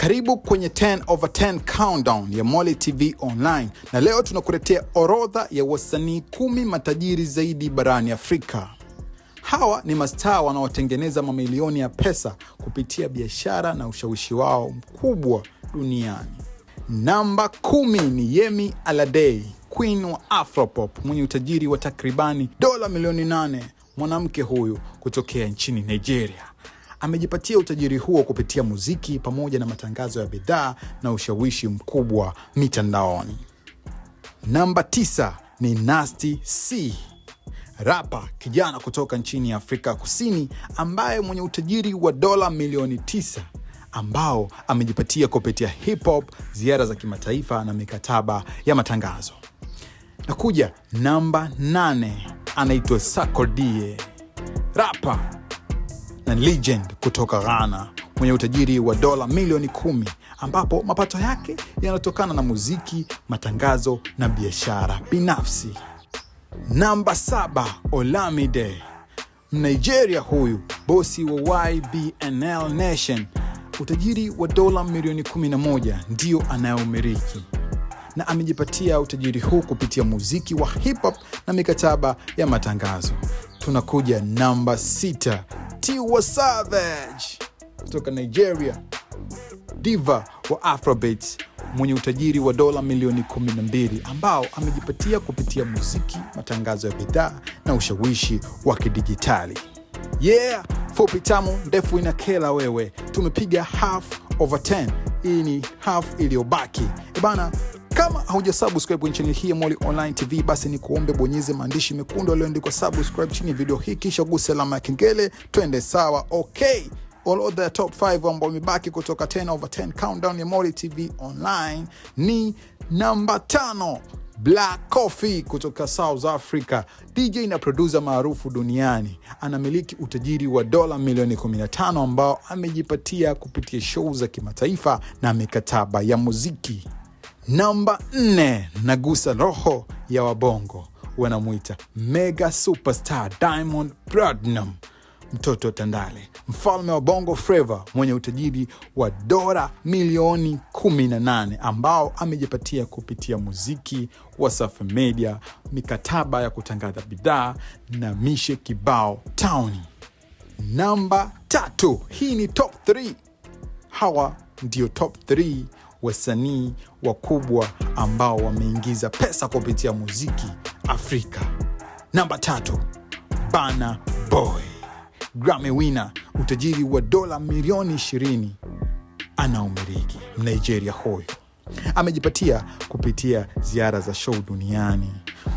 Karibu kwenye 10 over 10 countdown ya Moli TV Online, na leo tunakuletea orodha ya wasanii kumi matajiri zaidi barani Afrika. Hawa ni mastaa wanaotengeneza mamilioni ya pesa kupitia biashara na ushawishi wao mkubwa duniani. Namba kumi ni Yemi aladei queen wa Afropop mwenye utajiri wa takribani dola milioni nane. Mwanamke huyu kutokea nchini Nigeria amejipatia utajiri huo kupitia muziki pamoja na matangazo ya bidhaa na ushawishi mkubwa mitandaoni. Namba tisa ni Nasty C, rapa kijana kutoka nchini Afrika Kusini ambaye mwenye utajiri wa dola milioni tisa ambao amejipatia kupitia hip hop, ziara za kimataifa na mikataba ya matangazo. Nakuja namba nane, anaitwa Sarkodie, rapa na legend kutoka Ghana mwenye utajiri wa dola milioni kumi ambapo mapato yake yanatokana na muziki, matangazo na biashara binafsi. Namba saba, Olamide Mnigeria, huyu bosi wa YBNL Nation, utajiri wa dola milioni 11 ndiyo anayomiliki na amejipatia utajiri huu kupitia muziki wa hip hop na mikataba ya matangazo. Tunakuja namba sita Tiwa Savage kutoka Nigeria, diva wa Afrobeat mwenye utajiri wa dola milioni 12 ambao amejipatia kupitia muziki, matangazo ya bidhaa na ushawishi wa kidijitali. Yeah, fupi tamu ndefu inakela wewe. Tumepiga half over 10. Hii ni half iliyobaki. Ebana, kama haujasubscribe kwenye channel hii ya Molly Online TV, basi ni kuombe bonyeze maandishi mekundu yaliyoandikwa subscribe chini ya video hii, kisha guse alama ya kengele. Twende sawa, okay. All the top 5 ambao imebaki kutoka 10 over 10 countdown ya Moli TV Online ni namba tano Black Coffee kutoka South Africa, DJ na producer maarufu duniani, anamiliki utajiri wa dola milioni 15 ambao amejipatia kupitia show za kimataifa na mikataba ya muziki. Namba nne, nagusa roho ya wabongo, wanamwita mega superstar Diamond bradnam mtoto wa Tandale, mfalme wa Bongo Flava mwenye utajiri wa dora milioni 18 ambao amejipatia kupitia muziki wa Safi Media, mikataba ya kutangaza bidhaa na mishe kibao tawni Namba tatu, hii ni top 3. Hawa ndio top 3 wasanii wakubwa ambao wameingiza pesa kupitia muziki Afrika. Namba tatu, bana Boy, Grammy utajiri wa dola milioni 20 anaumiriki Mnigeria hoyo amejipatia kupitia ziara za show duniani,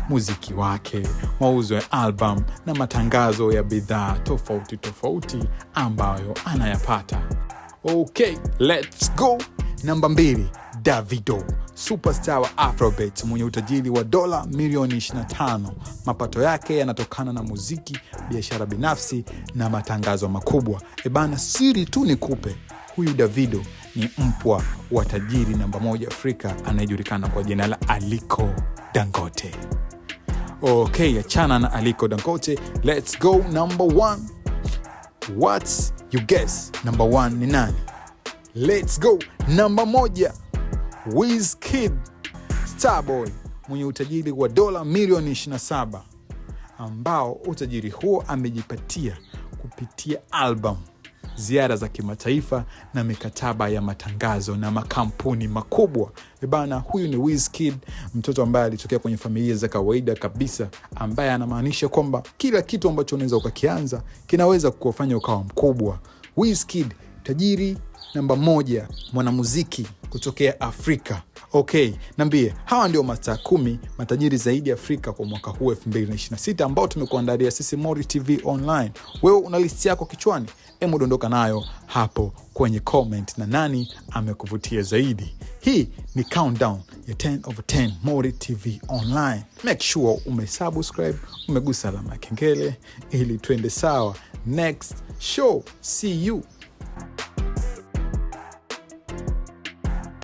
muziki wake, mauzo ya album na matangazo ya bidhaa tofauti tofauti ambayo anayapata. Okay, let's go. Namba mbili, Davido superstar wa Afrobeat mwenye utajiri wa dola milioni 25. Mapato yake yanatokana na muziki, biashara binafsi na matangazo makubwa. Ebana, siri tu kupe huyu Davido ni mpwa wa tajiri namba moja Afrika anayejulikana kwa jina la Aliko Dangote. Ok, achana na Aliko Dangote, let's go number one. What's you guess? Number one ni nani? Let's go. Namba moja, Wizkid Starboy mwenye utajiri wa dola milioni 27 ambao utajiri huo amejipatia kupitia album ziara za kimataifa na mikataba ya matangazo na makampuni makubwa. E bana, huyu ni Wizkid, mtoto ambaye alitokea kwenye familia za kawaida kabisa, ambaye anamaanisha kwamba kila kitu ambacho unaweza ukakianza kinaweza kukufanya ukawa mkubwa. Wizkid tajiri namba moja mwanamuziki kutokea Afrika. ok nambie hawa ndio mastaa kumi matajiri zaidi Afrika kwa mwaka huu 226 ambao tumekuandalia sisi Mori TV Online. Wewe una listi yako kichwani? Hebu dondoka nayo hapo kwenye comment, na nani amekuvutia zaidi. Hii ni countdown ya 10 over 10 Mori TV Online. Make sure umesubscribe, umegusa alama ya kengele ili twende sawa. Next show, see you.